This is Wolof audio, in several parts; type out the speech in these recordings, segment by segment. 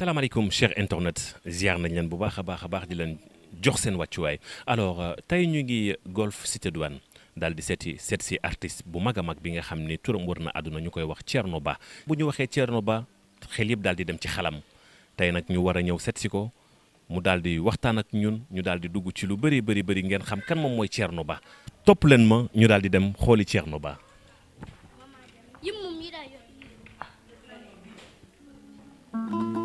Assalamualaikum, share internet. ziar nañ leen bu baax a baax di len jox waccu way. alors euh, tay ñu ngi golf cité douane dal di setti seet si artiste bu maga mag bi nga xamni ni turam aduna ñukoy wax Ba bu ñu waxe Ba xel di dem ci xalam Tay nak ñu wara ñew ko mu dal di waxtaan ak ñun ñu dal di dugg ci lu beri bari bari ngeen xam kan mom moy Thierno Ba topp ma ñu dal di dem xooli Thierno Ba. thank you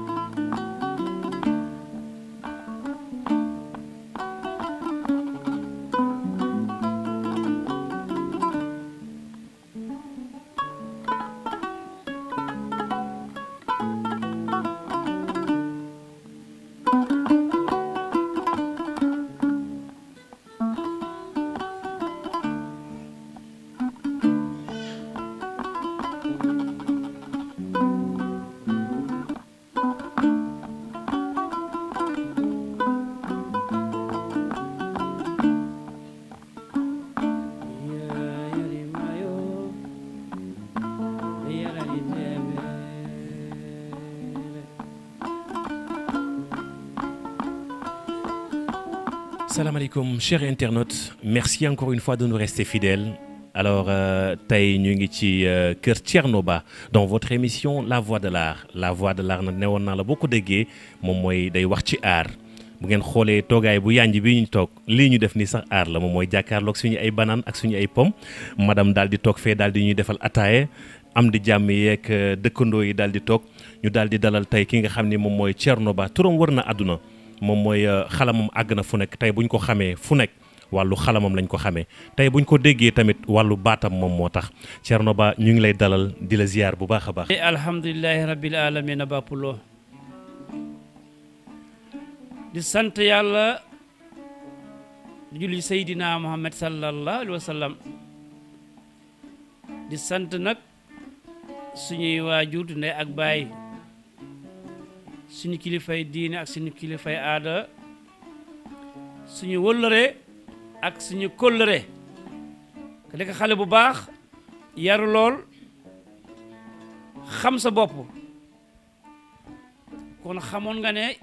Salam alaikum, chers internautes. Merci encore une fois de nous rester fidèles. Alors, euh, tey ñu euh, dans votre émission La Voix de l'Art La Voix de l'Art nag de la beaucoup ko nous avons day wax ci regardez bu ngeen bu bi ñu def ni sax la moom fait madame Daldi Tok fait Daldi defal am di fait euh, yi Nous avons ñu dalal fait ki nga mom moy xalamum agna fu nek tay buñ ko xamé fu nek walu xalamam lañ ko xamé tay buñ ko déggé tamit walu batam mom motax tax Ba ñu ngi lay dalal di la ziar bu baaxa baax. alhamdullilah rabbil alamin Ba Pulo di sante yàlla julli sayidina Muhammad sallallahu alaihi wa di sante nak suñuy wajur ne ak baye suñu kilifay diine ak suñu kilifay aada suñu wëllëre ak suñu kóllëre ka nekk xale bu baax yaru lool xam sa bopp kon xamoon nga ne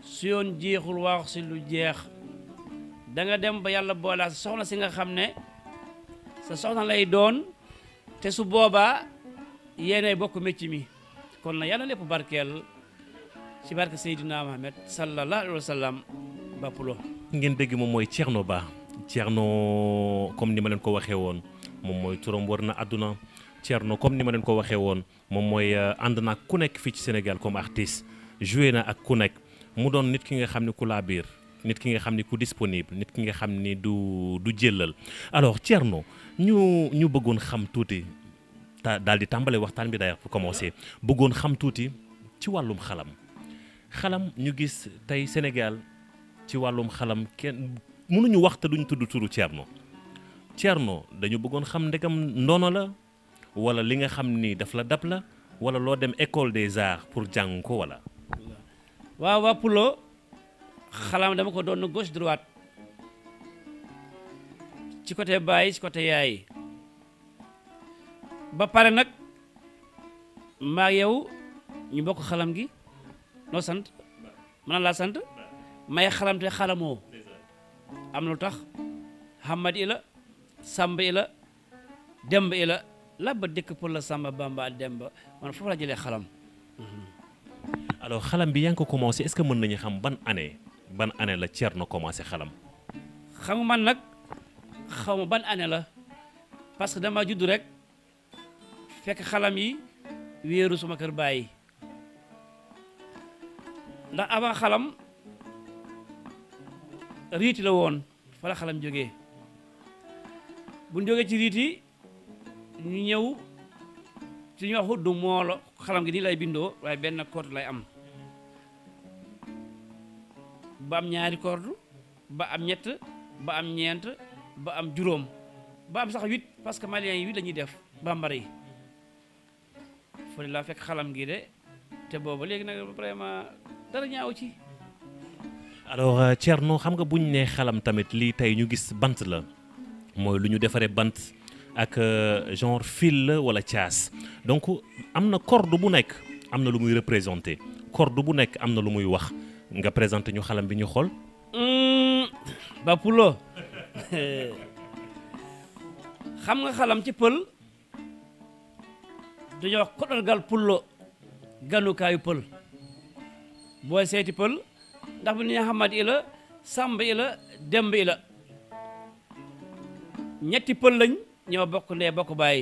su yoon jeexul waax si lu jeex da nga dem ba yàlla boolaa sa soxna si nga xam ne sa soxna lay doon te su boobaa yéenay bokk mi kon na yàlla lépp barkeel ci barke Seydina Mohamed sallallahu alayhi wa sallam bàpp loo ngeen dégg moom mooy Thierno Ba Thierno comme ni ma leen ko waxee woon moom mooy turam war na àdduna Thierno comme ni ma leen ko waxee woon moom mooy euh, ku nekk fii ci Sénégal comme artiste joué na ak ku nekk mu doon nit ki nga xam ne ku laa biir nit ki nga xam ni ku disponible nit ki nga xam ni du du jëlal alors Thierno ñu ñu bëggoon xam tuuti. ta daal di tàmbale waxtaan bi d'ailleurs pour commencer bëggoon xam tuuti ci wàllum xalam xalam ñu gis tey senegal ci wàllum xalam kenn mënuñu wax te duñ tudd turu Thierno Thierno dañu bëggoon xam ndegam ndono la wala li nga xam nii daf la dab la wala loo dem école des arts pour jàng ko wala. waaw Pulo xalam dama ko doon gauche droite ci côté baay ci côté yaay. ba pare nak ma yow ñu bokk xalam gi no sant man la sant may te xalamo am lu tax hamad ila la ila i la demb i la ba dekk pour la samba bamba demba man fofu la jëlee xalam mhm. alors xalam bi yaa ko commencé est-ce que mën nañu xam ban année ban année la Thierno commencé xalam xam man nak xam ban année la parce que dama judd rek fekk xalam yi wéeru suma kër bàyyi ndax avant xalam riiti la woon fa la xalam jógee buñ jógee ci riiti ñu ñëw ci ñu wax xuddu moolo xalam gi nii lay bindoo waaye benn koord lay am ba am ñaari koord ba am ñett ba am ñeent ba am juróom ba am sax huit parce que malien yi huit la def bambara yi fu la laa fekk xalam gi de te bobu léegi nak vraiment dara ñaaw ci. alors euh, tierno xam nga buñ ne xalam tamit li tay ñu gis bant la moy luñu défaré defaree bant ak euh, genre fil wala tias donc amna corde bu nek amna lu muy représenter corde bu nek amna lu muy wax nga présenter ñu xalam bi ñu xol hmm, ba Bapulo xam nga xalam ci peul dañuy wax koɗol gal pullo ganukaayu pël booy seeti pël ndax bu ñu xamad ila sàmb ila demb ila ñetti pël lañ ñoo bokk ndee bokk baay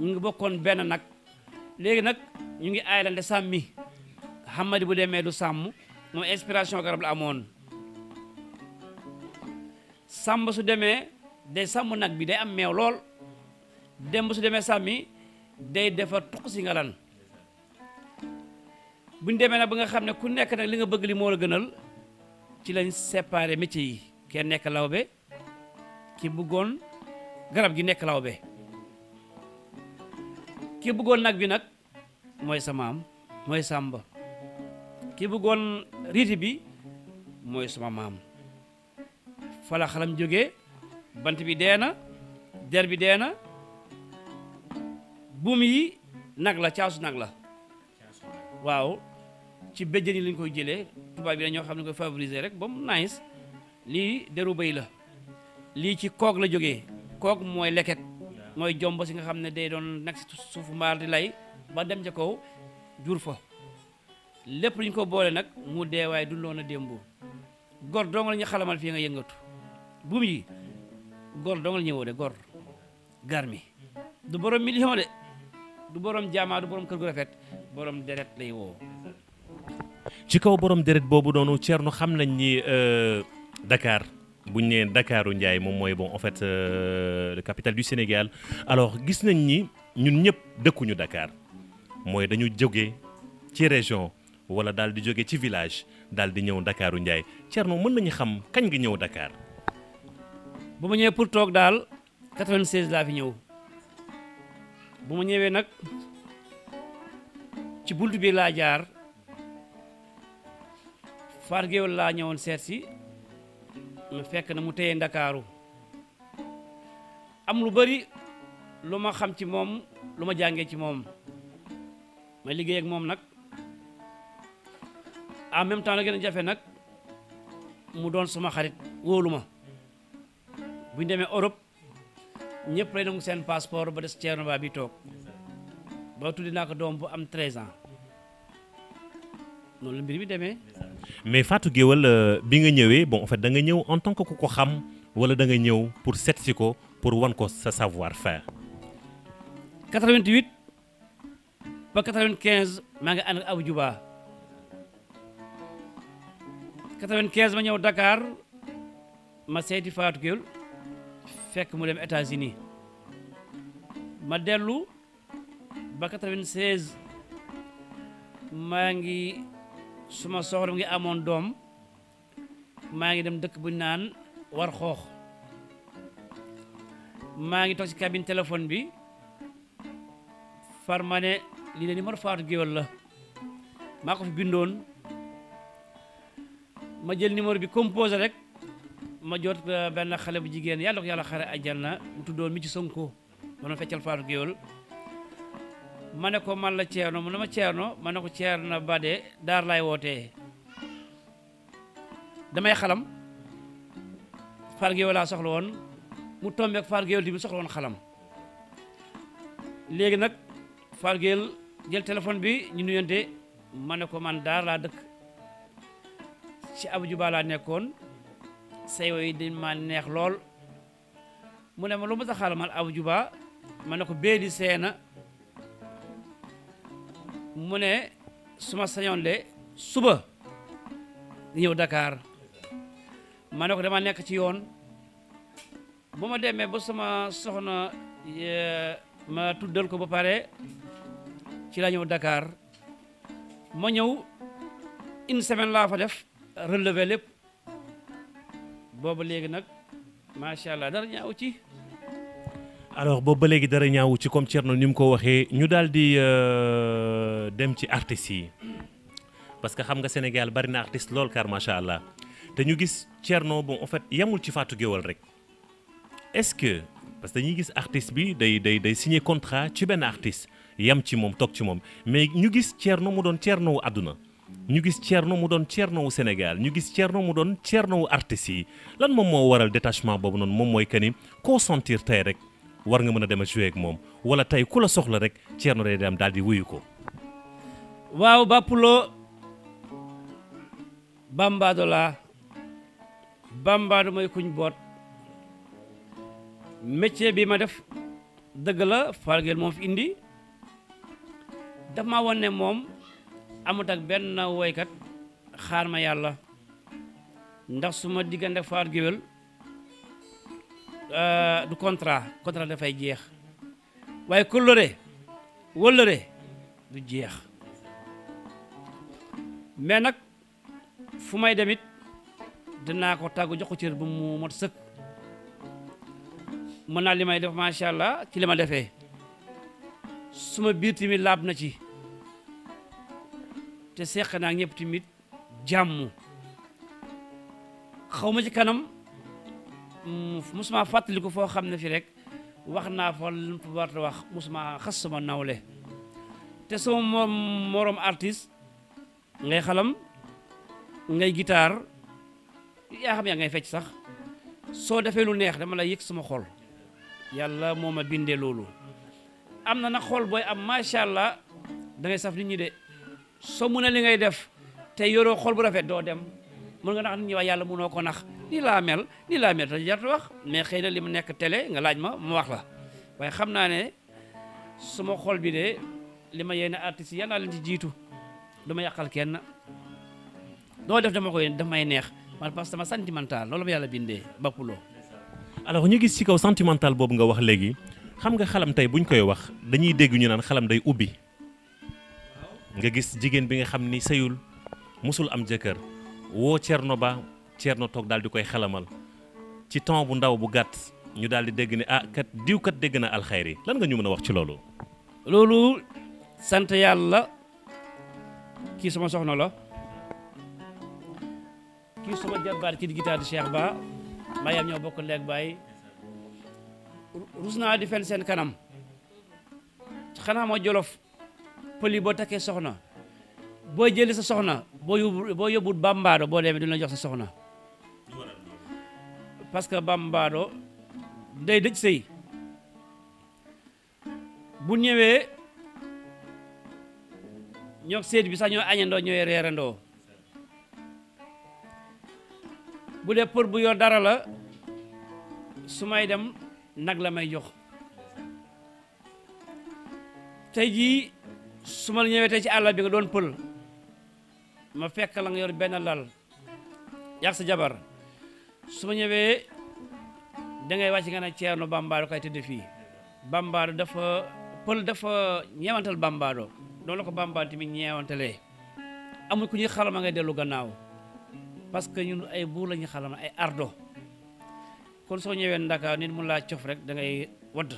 ñu ngi bokkoon benn nag léegi nag ñu ngi aayalante sàmmi xamadi bu demee du sàmm moo inspiration garab la amoon sàmb su demee day sàmm nag bi day am meew lool dem bu su demé sàmmi day defar tuk si nga lan buñ démé na ba nga xamné ku nekk nak li nga bëgg li mo la gënal ci lañ séparer métier yi ké nekk lawbé ki bëggoon garab gi nekk lawbé ki bëggoon nak bi nak moy sa mam moy samba ki bëggoon riti bi moy sama mam fala xalam joggé bant bi déna na der bi déna buum yi nag la caasu nag la waaw ci béjjën yi lañ koy jëlee tubaab yi dañoo xam ne koy favoriser rek ba mu nice lii deru béy la lii ci kook la jógee kook mooy leket mooy jomb si nga xam ne day doon nag si suufu mbaar di lay ba dem ca kow jur fa lépp lu ñu ko boole nag mu dee waaye du loon a démb gor dong la ñu xalamal fii nga yëngatu buum yi gor dong la ñëwoo de gor garmi du borom million de du borom jaamaa du borom kër gu rafet borom deret lay woo. ci kaw borom deret boobu noonu Thierno xam nañ ni euh, Dakar buñ nee Dakaru Ndiaye moom mooy bon en fait euh, le capitale du Sénégal alors gis nañ ni ñun ñëpp dëkkuñu Dakar mooy dañu jóge ci région wala daal di jóge ci village daal di ñëw Dakaru Ndiaye Thierno mën nañu xam kañ nga ñëw Dakar. bu ma ñëwee pour toog daal 96 laa fi ñëw. bu ma ñëwee nag ci bunt bi laa jaar Faar Géwél laa ñëwoon seet si ma fekk na mu téye ndakaaru am lu bari lu ma xam ci moom lu ma jàngee ci moom ma liggéey moom nag en même temps la gën a jafe nag mu doon suma xarit wóolu ma bu ñu demee Europe ñëpp lay nangu seen passeport ba des Thierno Ba bi toog ba tuddi naa ko doom bu am 13 ans noonu la mbir mi demee. mais Fatou Guéweul euh, bi nga ñëwee bon en fait da nga ñëw en tant que ku ko xam wala da nga ñëw pour seet ko pour wan ko sa savoir faire. 88 ba 95 maa ngi ànd ak Abou Djouba quinze ma ñëw Dakar ma seeti Fatou Guéweul. fekk mu dem États-Unis ma dellu ba 96 maa ngi suma soxna mu ngi amoon doom maa ngi dem dëkk bu naan war xoox maa ngi toog ci cabine téléphone bi far ma ne lii de numéro Fatou Guewel la maa ko fi bindoon ma jël numéro bi composé rek ma jot euh, benn xale bu jigéen yàlla ko yàlla xare àjjana mu tuddoon mi ci Sonko ma doon ne ko man la Ceerno mu ne ma Ceerno ma ne ko Ceerno Bade daar laay wootee damay xalam Faatu Géwël laa soxla woon mu tombeek Faatu Géwël tamit soxla woon xalam léegi nag Faatu Géwël jël téléphone bi ñu nuyante ma ne ko man daar laa dëkk ci Abdou laa nekkoon say woy di ma neex lool mu ne ma lu mu sa xalamal aw juba ma ne ko béedi seena mu ne suma ma sañoon de suba di ñëw Dakar ma ne ko dama nekk ci yoon bu ma demee ba sama soxna ma tuddal ko ba pare ci la ñëw Dakar ma ñëw une semaine laa fa def relevé lépp dara ci. alors boobu ba dara ñaawu ci comme Thierno nim ko waxee ñu daldi di euh, dem ci artiste yi parce que xam nga Sénégal bari na artiste lol car machallah allah te ñu gis Thierno bon en fait yamul ci Fatou Guewel rek est-ce que parce que dañuy gis artiste bi day day day signer contrat ci ben artiste yam ci mom tok ci mom mais ñu gis Thierno mu don Thierno aduna ñu gis ceer Thierno mu doon Thierno wu Sénégal ñu gis Thierno mu doon ceer wu artistes yi lan moom moo waral détachement boobu noonu moom mooy que ni koo sentir tey rek war nga mën a dem a jouer moom wala tey ku la soxla rek Thierno day dem daal di wuyu ko. waaw Bapoulo Bambaado laa Bambaado mooy kuñ boot métier bi ma def dëgg la Falgel moom fi indi daf maa wan ne moom. amut ak benn woykat xaar ma yàlla ndax su ma diggante ak Faatu Géwél euh, du contrat contrat dafay jeex waaye kóllëre wóllëre du jeex mais nag fu may demit dinaa ko tàggu jox ko cër bu mu mot sëkk mën naa li may def macha allah ci li ma defee suma biir tamit laab na ci te seq naa ñëpp tamit jàmm xaw ma ci kanam mm, musuma fàttaliku foo xam ne fi rek wax naa fa lu wax musuma xas sama nawle te sama moroom artiste ngay xalam ngay gitaar yaa xam yaa ngay fecc sax soo defee lu neex dama la yëg sama xol yàlla moo ma bindee loolu am na nag xol booy am macha allah dangay saf nit ñi de soo mun a li ngay def te yoroo xol bu rafet doo dem mun nga nax nit ñi wax yàlla munoo ko nax nii laa mel nii laa mel te jartu wax mais xëy na li mu nekk télé nga laaj ma ma wax la waaye xam naa ne suma xol bi de li ma yéene artistes yi yal naa leen ci jiitu du ma yàqal kenn doo def dama koy daf may neex man parce que sama sentimental loolu ma yàlla bindee bappuloo alors ñu gis ci kaw sentimental boobu nga wax léegi xam nga xalam tey buñ koy wax dañuy dégg ñu naan xalam day ubbi nga gis jigéen bi nga xam ni sëyul mosul am jëkkër woo Thierno Ba Thierno toog daal di koy xelamal ci temps bu ndaw bu gàtt ñu daal di dégg ne ah diwkat dégg na alxayri lan nga ñu mën a wax ci loolu. loolu sant yàlla kii sama soxna la kii sama jarbaar kii di gitaar di Cheikh Ba Mayam ñoo bokk leeg bàyyi rus naa di fen seen kanam xanaa ma jolof. pël yi boo takkee soxna boo jëlee sa soxna boo yóbbu boo yóbbul bambaado boo demee du la jox sa soxna parce que bambaado day dëj sëy bu ñëwee ñoo seet bi sax ñoo añandoo ñooy reerandoo bu dee për bu yor dara la su may dem nag la may jox tey jii suma ma ñëwee tey ci bi nga doon pël ma fekk la nga yor benn lal yàq sa jabar suma nyewe ñëwee da ngay wàcc nga ne Ceerno Bambaado kay tëdd fii Bambaado dafa pël dafa ñeewantal Bambaado noonu la ko Bambaado tamit ñeewantalee amul ku ñuy xalama ngay dellu gannaaw parce que ñun ay buur la ñuy xalama ay ardo kon soo ñëwee Ndakaar nit mu laa cof rek da ngay wadd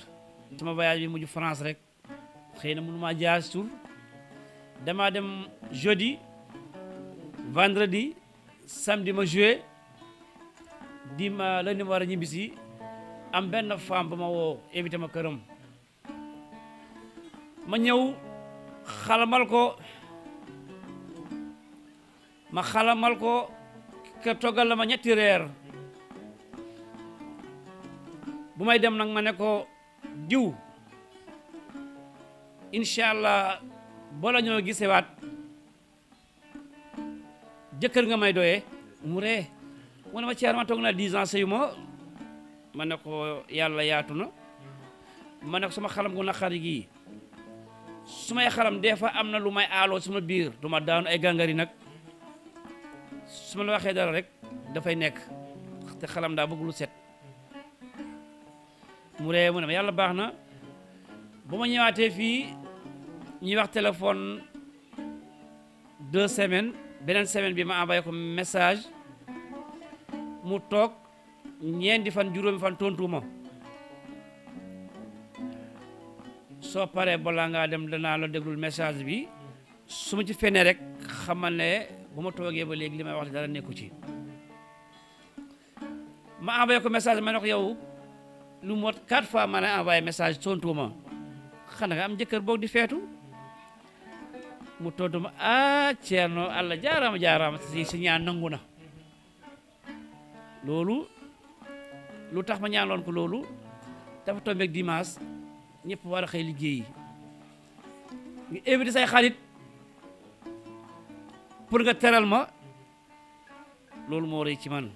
sama voyage France rek xeyna ma jaar tour dama dem jeudi vendredi samedi ma di dima lundi ma wara ñimbisi am ben femme bama wo invité ma kërëm ma ñew xalamal ko ma xalamal ko ke togal la ma ñetti reer bu may dem nak ma ne ko diw incha allah bala ñoo gisewaat jëkkër nga may doyee mu ree mu ne ma ceer ma toog naa dix ans sëyu ma ne ko yàlla yaatu na ma ne ko sama xalam gu naqari gii su may xalam des fa am na lu may aaloo suma biir du ma daanu ay gàngari nag su ma la waxee dara rek dafay nekk te xalam daa bëgg lu set mu ree mu ne ma yàlla baax na ba ma ñëwaatee fii ñuy wax téléphone deux semaine beneen semaine bi ma envoyé ko message mu toog ñeenti fan juróomi fan tontuma soo paree balaa ngaa dem danaa la déglul message bi su ma ci fenee rek xamal ne bu ma toogee ba léegi li may wax dara nekku ci ma envoyé ko message ma ne ko yow lu mot quatre fois ma la envoyé message tontuuma xanaa nga am jëkkër boog di feetu mu ma a ah, ceerno allah jarama jarama si ñaan nangu na loolu lu tax ma ñaanoon ko loolu dafa tombeeg dimanche ñëpp war a xëy liggéeyi nga invité say xarit pour nga teral ma loolu moo rëy ci man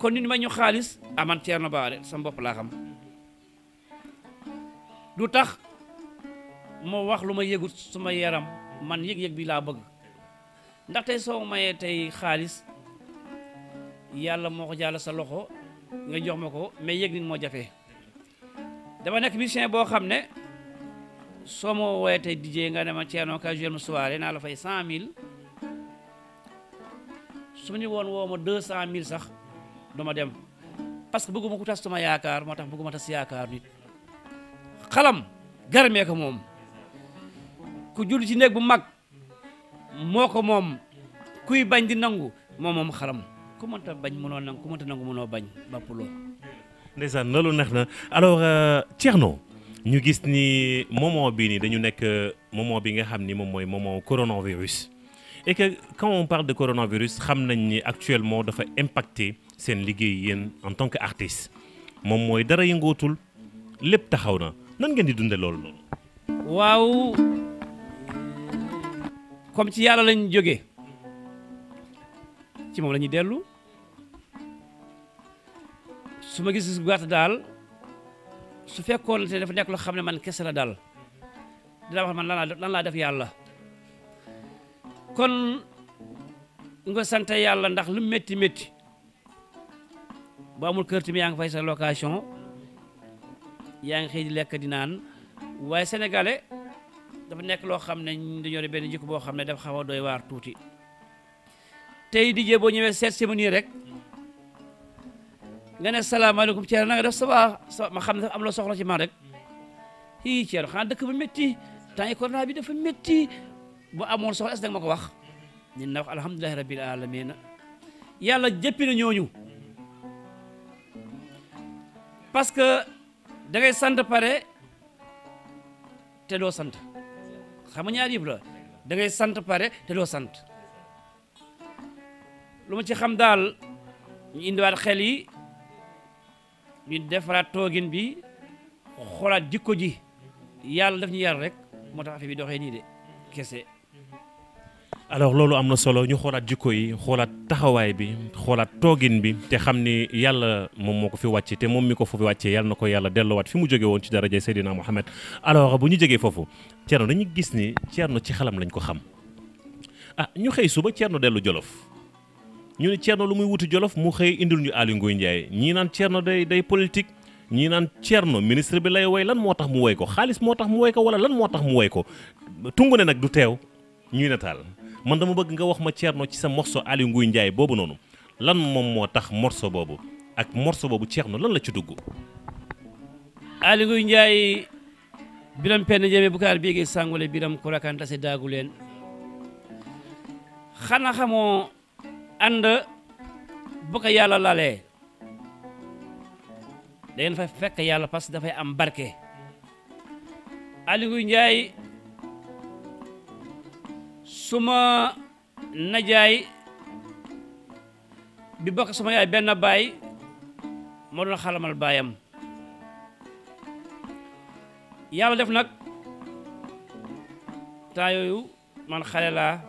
kon nit ma ñu xaalis aman ah, Ceerno Baare sama bopp laa xam du tax moo wax lu ma yëgut suma yaram man yëg yég bi laa bëgg ndaxte soo mayee tey xaalis yàlla moo ko jàll sa loxo nga jox ma ko mais yëg nit moo jafe dama nekk musicien boo xam ne soo ma woowee tey DJ nga ne ma Thierno Ka joué naa la fay cent mille su ma woon woo ma deux cent mille sax du dem parce que bëgguma ku tas suma yaakaar moo tax bëgguma tas yaakaar nit xalam garmee ko moom ku julli ci néeg bu mag moko mom kuy bañ di nangu mom mom xaram ku mënta bañ mënoo nang ku mënta nangu mënoo bañ bàpp loolu na lu nexna alors euh, Thierno ñu gis ni moment bi ni dañu nek euh, moment bi nga xamni mom moy moment coronavirus et que quand on parle de coronavirus xam nañ ni actuellement dafa impacter sen liguey yeen en tant que artiste moom mooy dara yengotul lepp taxawna nan ngeen di dundé loolu noonu comme ci yàlla lañ jógee ci moom la dellu su ma gis-gis bu daal su fekkoon te dafa nekk loo xam ne man kese la daal dinaa wax man lan laa def yàlla kon nga sant yàlla ndax lu métti métti ba amul kër tamit yaa ngi fay sa location yaa ngi xëy di lekk di naan waaye sénégalais dafa nekk loo xam ne dañoo yore benn jikko boo xam ne dafa xaw a doy waar tuuti tey dijee boo ñëwee seet si ma nii rek nga ne salaamaaleykum Thierno na nga def saba ma xam ne dafa am loo soxla ci man rek hi Thierno xanaa dëkk ba métti temps yi corona bi dafa metti bu amoon soxla est ma ko wax ñu na wax alhamdulilahi rabbil alamina yàlla jëppi na ñooñu parce que da ngay sant pare te doo sant xam nga ñaari yëpp la da sant pare te doo sant lu ma ci xam daal ñu indiwaat xel yi ñu defaraat toogin bi xoolaat jikko ji yàlla daf ñu yar rek moo tax affaire bi doxee nii de kese alors loolu am na solo ñu xoolaat jikko yi xoolaat taxawaay bi xoolaat toogin bi te xam ni yàlla moom moo ko fi wàcc te moom mi ko fi wàccee yàlla na ko yàlla delloowaat fi mu jóge woon ci daraja Seydina Mohamed alors bu ñu jógee foofu Thierno dañu gis ni Thierno ci xalam lañ ko xam ah ñu xëy suba ceer Thierno dellu Jolof ñu ne Thierno lu muy wuti Jolof mu xëy indil ñu Aly Ngouille Ndiaye ñii naan ceer Thierno day day politique ñii naan Thierno ministre bi lay woy lan moo tax mu woy ko xaalis moo tax mu woy ko wala lan moo tax mu woy ko tungu ne nag du teew ñuy man dama bëgg nga wax ma ceer Thierno ci sa morceau Aly Ngouille boobu noonu lan moom moo tax morso boobu ak morso boobu Thierno lan la ci dugg. Aly njaay Ndiaye biram penn jeme bukaar biigi sangule biram kurakanta si daagu leen xana xamoo ànd bu yàlla lalee da fa fekk yàlla parce que dafay am barke Aly Ngouille suma najay bi bok sama yaay ben bay mo do xalamal bayam yàlla def nak ta yoyu man xale la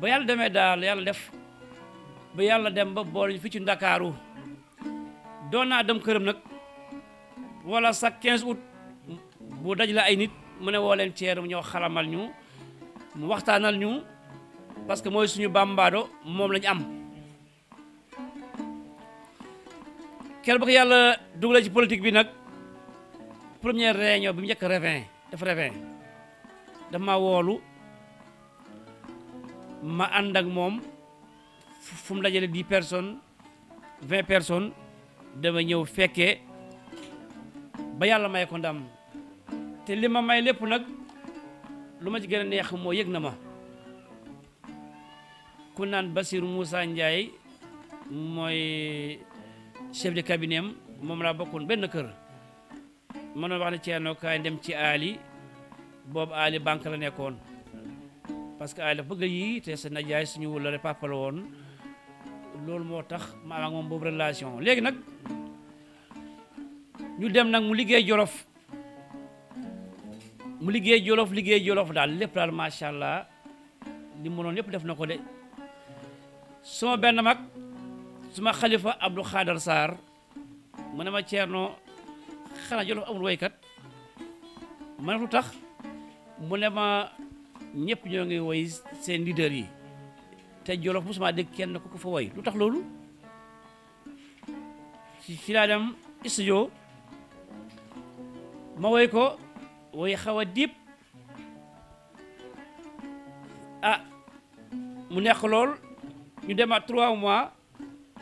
ba yàlla demé dal yàlla def ba yàlla dem ba bor fi ci dakaru do na dem kërëm nak wala sa 15 août bu dajla ay nit mu ne ñoo xalamal ñu mu waxtaanal ñu parce que mooy suñu bàmbaado moom lañu am ker ba ko yàlla dugalee ci politique bi nag première réunion bi mu njëkk revin dafa revin dama woolu ma ànd ak moom fu mu dajale dix personnes vingt personnes dama ñëw fekkee ba yàlla may ko ndam te li ma may lépp nag lu ma ci gën a neex moo yëg na ma ku naan Basir Moussa Ndiaye mooy chef de cabinet moom laa bokkoon benn kër ma doon wax ne Thierno kaay dem ci Ali boobu Ali banque la nekkoon parce que Ali dafa bëgg yii te sa najaay suñu wulare papa la loolu moo tax ma am ak moom boobu relation léegi nag ñu dem nag mu liggéey Jolof mu liggéey jolof liggéey jolof daal lépp daal macha allah li mu mënoon lépp def na ko de suma benn mag suma xalifa Abdou Khader Sarr mu ne ma Thierno xanaa jolof amul woykat ma ne tax mu ne ma ñëpp ñoo ngi woy seen leader yi te jolof mosuma dégg kenn ku ko fa woy lu tax loolu ci laa dem studio ma woy ko. way xaw a diib ah mu nekk lool ñu demaat trois mois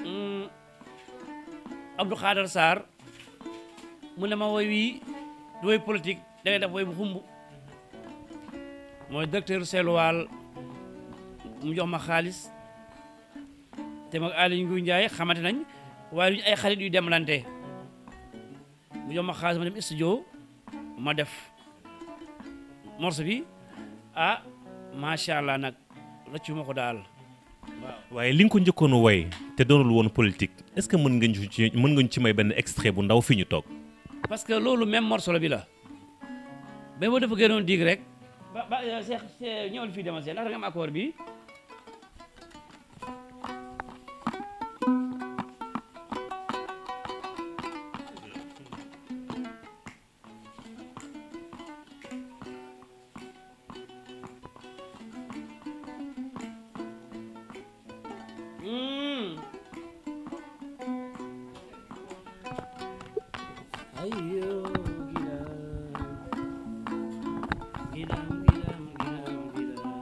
hmm, Abdou Khader Sarr mu ne ma woy wii du woy politique da def woy bu xumb mooy docteur Seluwaal mu jox ma xaalis te mag Aliou Ngouille Ndiaye xamante nañ waaye duñu ay xarit yu demlante mu jox ma xaalis ma dem studio ma def morceau bi ah macha allah nag rëccu ma ko daal waaye li nga ko njëkkoon woy te doonul woon politique est-ce que mën nga ñu ci mën nga ci may benn extrait bu ndaw fi ñu toog. parce que loolu même morceau la bi la ba boo dafa gënoon dig rek. ba ba Cheikh ñëwal fii demal ndax da nga bi. Ayo gilam Gilam gilam gilam gilam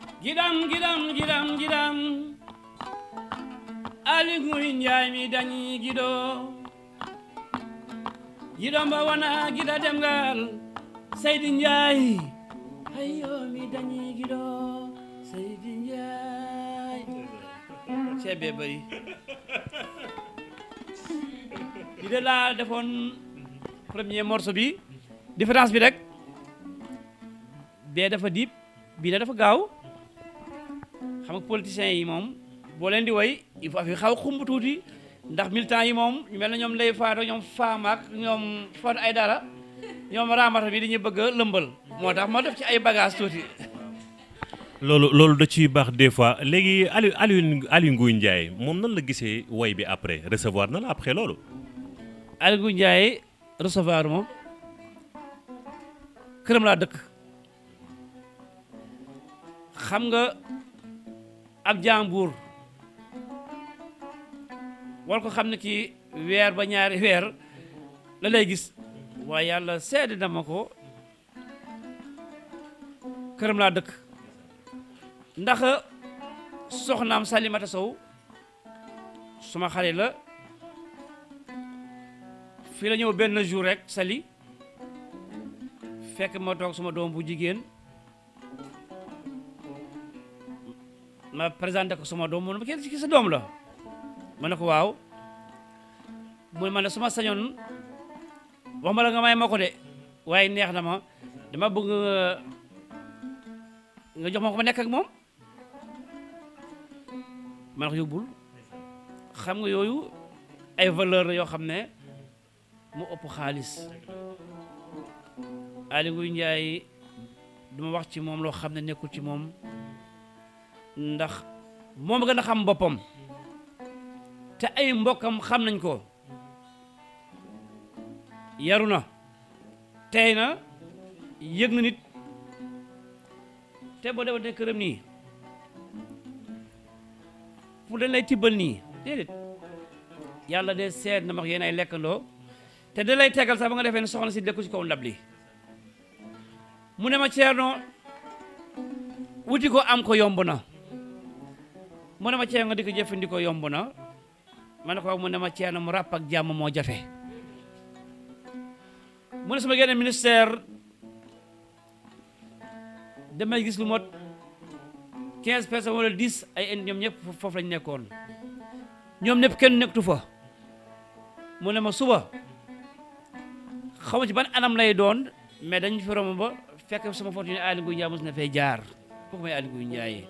Ano rinja nguy ya mi dani gido gido mba wana gida demgal seydi njaay ayo mi dani gido ya njaay be bari ide la defoon premier morceau bi différence bi rek bee dafa diib bi la dafa gaaw xam nga politiciens yi moom di way il faut fi xaw xumb tuuti ndax militant yi moom mel na ñoom lay faata ñoom faamaak ñoom fat ay dara ñoom raamata bi dañuy bëgg a moo tax ma def ci ay bagage tuuti loolu loolu da ciy baax des fois léegi Aliou Aliou Aliou Ngouille moom nan la gisee way bi après recevoir na la après loolu Aliou Ngouille Ndiaye recevoir moom këram laa dëkk xam nga ab jàmbur wal ko xam ne kii weer ba ñaari weer la lay gis waaye yàlla seede na ma ko këram laa dëkk ndax soxnaam Salimata Sow suma xale la fii la ñëw benn jour rek Sali fekk ma toog suma doom bu jigéen ma présenté ko suma doom moom kenn ci sa doom la ma waw moy man mu ne ma ne su la nga may mako de way neex na ma dama bëgg nga jox mako ko ma nekk ak mom ma yobul xam nga yoyu ay valeur yo xamne mu ëpp khalis ali Ngouille Ndiaye duma wax ci mom lo xamne nekul ci mom ndax mom gën xam boppam te ay mbokkam xam nañ ko yaru na tey na yëg na nit te boo demante këram nii pour dañ lay tibbal nii déedéet yàlla de seet na max yéen ay lekkandoo te da lay tegal sax ba nga defee ne soxna si lekku ci kaw ndab li mu ne ma ceerno wuti ko am ko yomb na mu ne ma ceerno nga di ko jëfandikoo yomb na ma ne ko waaw mu ne ma ceeno mu ràpp ak jàmm moo jafe mu ne sama génne ministère damay gis lu mot quinze personnes wala dix ay indi ñoom ñëpp foofu lañu nekkoon ñoom ñëpp kenn nekkatu fa mu ne ma suba xaw ma ci ban anam lay doon mais dañu fi romb ba fekk sama fortune ne Aly Ngouille Ndiaye mos na fay jaar kooku may Aly Ngouille Ndiaye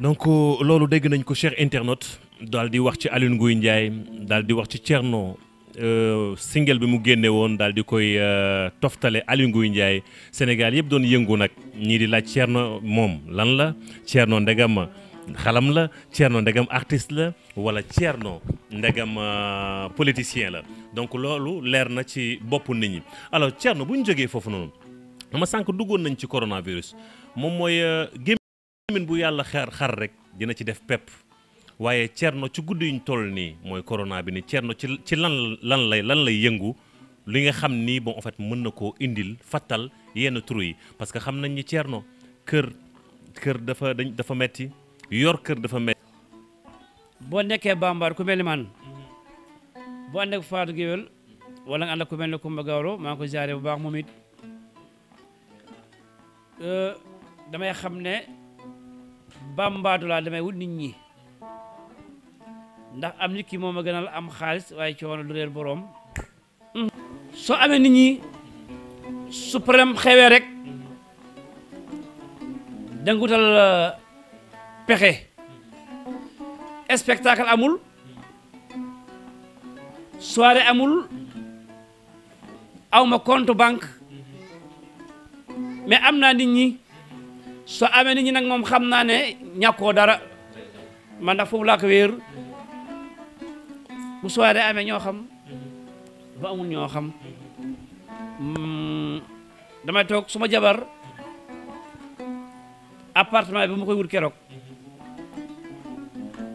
donc loolu dégg nañ ko cher internaute daal di wax ci Aly Ngouille Ndiaye daal di wax ci Thierno euh, single bi mu génne woon daal di koy euh, toftale Aly Ngouille Ndiaye Sénégal yëpp doon yëngu nag ñii di laaj Thierno moom lan la Thierno ndegam xalam la Thierno ndegam artiste la wala Thierno ndegam euh, politicien la donc loolu leer na ci bopp nit ñi alors Thierno bu ñu jógee foofu noonu dama sànq duggoon nañ ci coronavirus moom mooy gémmiñ bu yàlla xar xar rek dina ci def pepp. waaye Thierno ci guddi yuñ toll nii mooy corona bi ni Thierno ci ci lan lan lay lan lay yëngu li nga xam nii bon en fait mën na koo indil fattal yenn tur yi parce que xam nañ ni Thierno kër kër dafa dañ dafa metti yor kër dafa metti boo nekkee bambar ku mel ni man boo ànd ak Fatou Guewel wala nga ànd ak ku mel ni Koumba Gawlo maa ngi ko jaaree bu baax moom it euh, damay xam ne bambaatu laa damay wut nit ñi ndax am nit kii moom a gënal am xaalis waaye coono du réer boroom soo amee nit ñi su problème xewee rek danga wutal euh, pexe spectacle amul soirée amul awma compte banque mais am naa nit ñi soo amee nit ñi nag moom xam naa ne ñàkkoo dara man ndax foofu laa ko wéer bu soiré amé ño xam ba amul ño xam hmm, dama tok suma jabar appartement bi mu koy wut kérok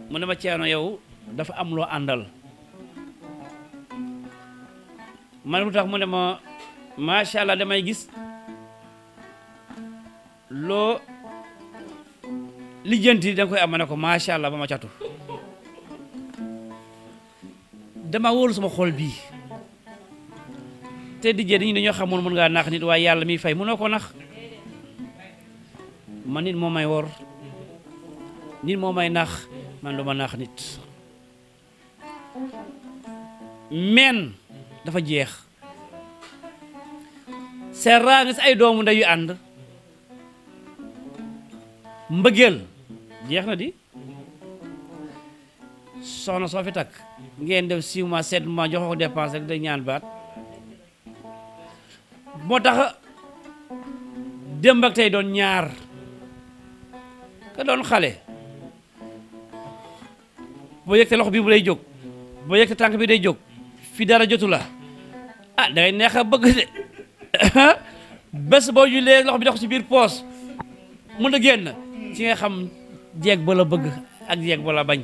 mu ne ma ciano yow dafa am lo andal man lutax mu ne ma sha allah damay gis lo, lijeenti dang koy am ne ko sha allah ba ciatu dama wol sama xol bi te di jëriñ dañu xamoon mën nga nax nit waaye yalla mi fay mënoko nax man nit moo may wor nit moo may nax man luma nax nit men dafa jeex serra nga ay doomu ndeyu and mbëggeel jeex na di soxna soo fi takk ngeen def 6 mois 7 mois jox dépense rek day ñaan baat moo tax démb ak tey doon ñaar ka doon xale bo yëgte lox bi bu lay jóg bo yëgte tànk bi day jóg fi dara jotu la ah dangay neex a bëgg de ah, bés boo jullee lox bi dox ci biir poos mun a génn ci nga xam jeeg ba la bëgg ak jeeg ba la bañ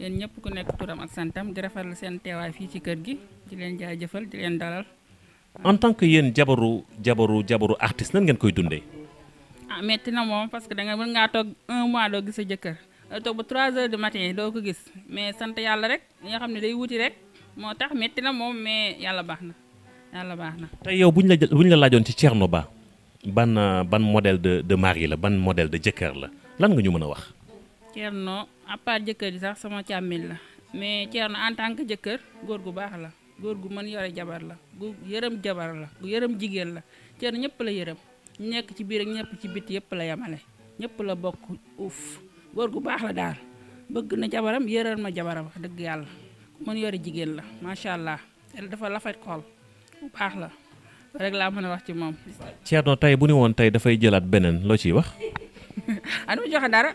yen ñëpp ku nekk turam ak santam di rafetlu seen teway fi ci kër gi di leen jaajëfal di leen dalal. en tant que yen jabaru jabaru jabaru artiste nan ngeen koy dundé ah metti na mom parce que da nga mën nga tok 1 mois do gis sa jëkkeur tok ba 3 heures du matin do ko gis mais sante yalla rek nga xamni day wuti rek motax metti na mom mais yalla baxna yalla baxna tay yow buñ la buñ la laajoon ci Thierno Ba ban ban model de de mari la ban model de jëkkeur la lan nga ñu mëna wax. Thierno à part jëkkër ji sax sama càmmil la mais Thierno en tant que jëkkër góor gu baax la góor gu mën yore jabar la gu yërëm jabar la gu yërëm jigéen la Thierno ñëpp la yërëm ñu nekk ci biir ci biti yëpp la yemale ñëpp la bokk uuf góor gu baax la daal bëgg na jabaram yëral ma jabaram wax dëgg yàlla ku mën yore jigéen la macha allah dafa lafet xool bu baax la rek laa mën a wax ci moom. Thierno tey bu ni woon tay dafay jëlaat beneen loo ciy wax. ah joxe dara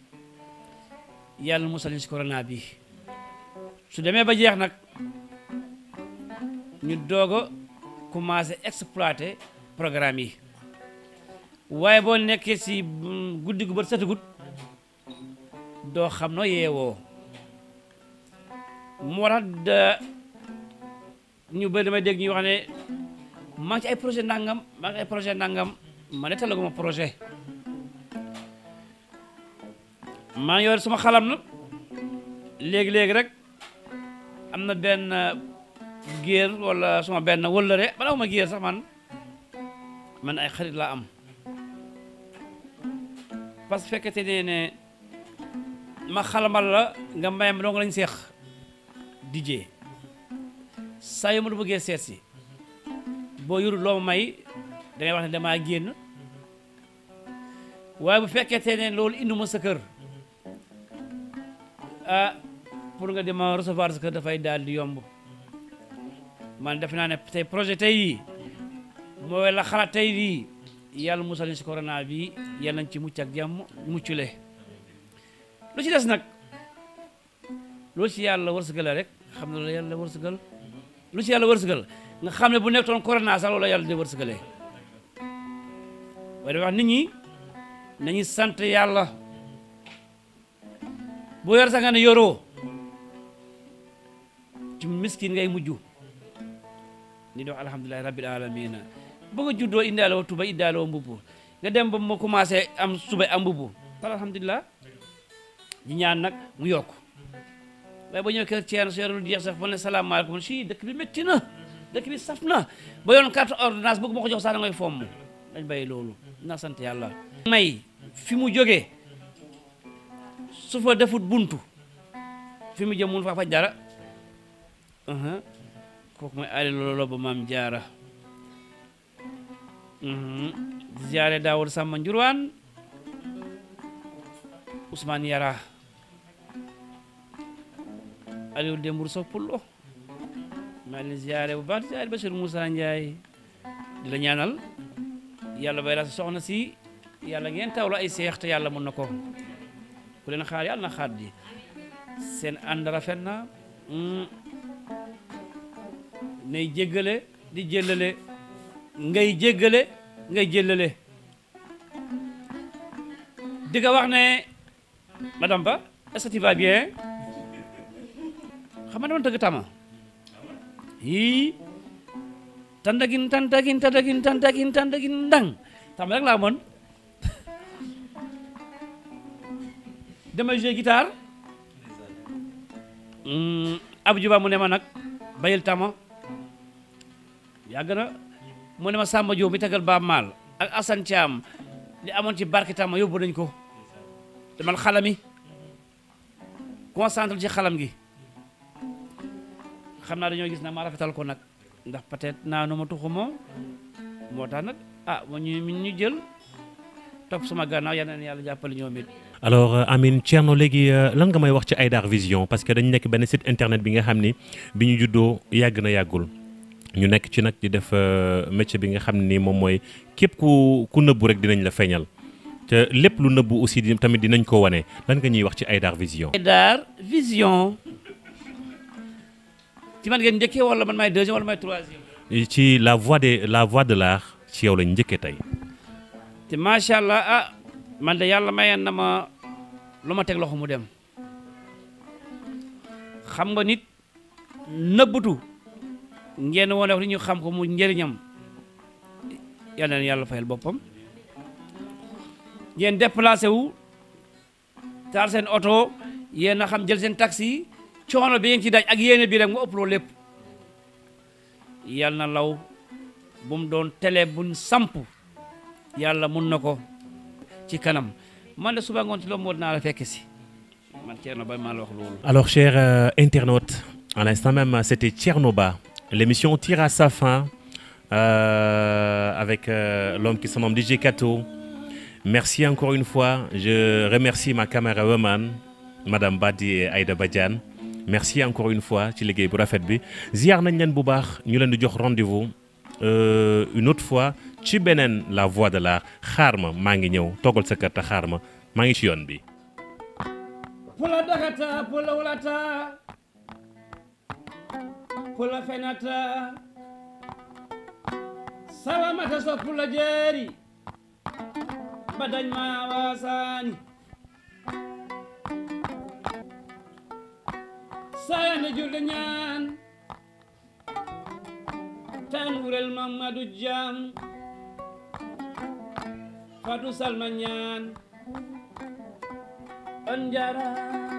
yalla musal ci corona bi su demee ba jeex nag ñu doog a commencé exploiter programme yi waaye boo nekkee ci mm, guddi gu bët setagut doo xam no yeewoo moo tax da ñu bëri damay dégg ñuy wax ne maa ci ay projet nangam maa ngi ay projet nangam ma ne talaguma projet maa ngi yore suma xalam nag léegi-léegi rek am na benn uh, géer wala suma benn wëllëre bala ma géer sax man man ay xarit laa am parce que fekkete nee ne ma xalamal la nga may ma dong lañ seex dijee saa yu ma du bëggee seet si boo yorul loo ma may dangay wax ne damaa génn waaye bu fekkete ne loolu induma sa kër ah pour nga dem recevoir ce que fay dal di yomb man def na ne tay projet tay yi mooy la xala tay yi yalla musal ci corona bi yalla ci mucc ak jàmm muccule lu ci dess nak lu ci yalla wërsëgale rek xamna la yalla yàlla lu ci yalla wërsëgal nga xamne ne bu nekkoon corona sa lolu yalla di wërsëgalee waaye dafa wax nit ñi nañu sante yalla bu yor sa nga ne ci miskin ngay mujj ni do alhamdulillahi rabbil alamin bu nga juddo indalo woo tuba indaale mbubu nga dem ba mo commencé am suba am mbubu par alhamdulillah ñi ñaan nak mu yok way ba ñu kër ci su yorul di xef bon salam alaykum si dekk bi metti na dekk bi safna na ba yoon carte ordonnance bu ko jox sa da ngay dañ lolu na sante yalla may fi mu joge su fa defut buntu fi mu jëm mun fa faj dara ko ko ali lolo ba mam uh jaara mhm. ziaré daawul sama njurwan usman yara aliou dembur so pullo mal ziaré bu baax ziaré bashir musa ndiaye di ñaanal yalla bay la sa soxna si yalla ngeen tawlo ay seex te yalla mën nako ku leen xaar yàlla na xaar ji seen ànd rafet na mm, nay jéggale di jëllale ngay jéggale ngay jéllale di wax ne madame Ba est-ce bien xam nga dama tëgg tama yii tandagin tandagin tandagin tandagin tandagin ndang tama rek laa mën damay jouer guitare hmm, Abdou Ba mu ne ma nag bayil tama yàgg na mu ne ma Samba Diop mi tegal Ba Maal ak Assane Thiam li amoon ci barke tama yóbbu nañ ko demal xalami concentré ci xalam gi xam naa dañoo gis na ma rafetal ko nag ndax peut-être naa nu ma tuxumoo moo tax nag ah ñu ñu jël topp suma gannaaw yal na yàlla jàppale ñoom it alors euh, Amine Thierno léegi euh, lan nga may wax ci aidar Vision parce que dañ nek site internet bi nga xamni biñu juddo ñu na ñu nek ci nak di def euh, métier bi nga xamni ku ku rek dinañ la te lu aussi tamit dinañ ko wone lan nga ñuy wax ci Vision. Aïdar Vision ci deuxième wala troisième. la voix de la voix de l'art ci yow man de yalla mayen na ma lu ma loxo mu dem xam nga nit nebutu ngeen woon ñu xam ko mu njëriñam yalla na yalla fayal bopam ngeen déplacer wu tar sen auto yéen xam jël sen taxi choono bi ngeen ci daj ak yene bi rek mu ëpp loolu lépp na law bu doon télé buñ samp yalla mun nako man la la alors chers euh, internautes à l'instant même c'était Tchernoba, l'émission tire à sa fin euh, avec euh, l'homme qui se nomme DJ Kato merci encore une fois je remercie ma caméra woman, madame Badi et Aïda Badiane merci encore une fois ci liggéey bu rafet bi ziar nañ len bu baax ñu di jox rendez-vous euh, une autre fois. ci beneen la voix de l'art xaar ma maa ngi ñëw toggal sa te xaar ma maa ngi ci yoon bi pula dakata pula wulata pula fenata salamata so pula jeeri badañ ma wasaani sayande julde ñaan tan wurel mamadou jam Fatou Salma ñaan an jara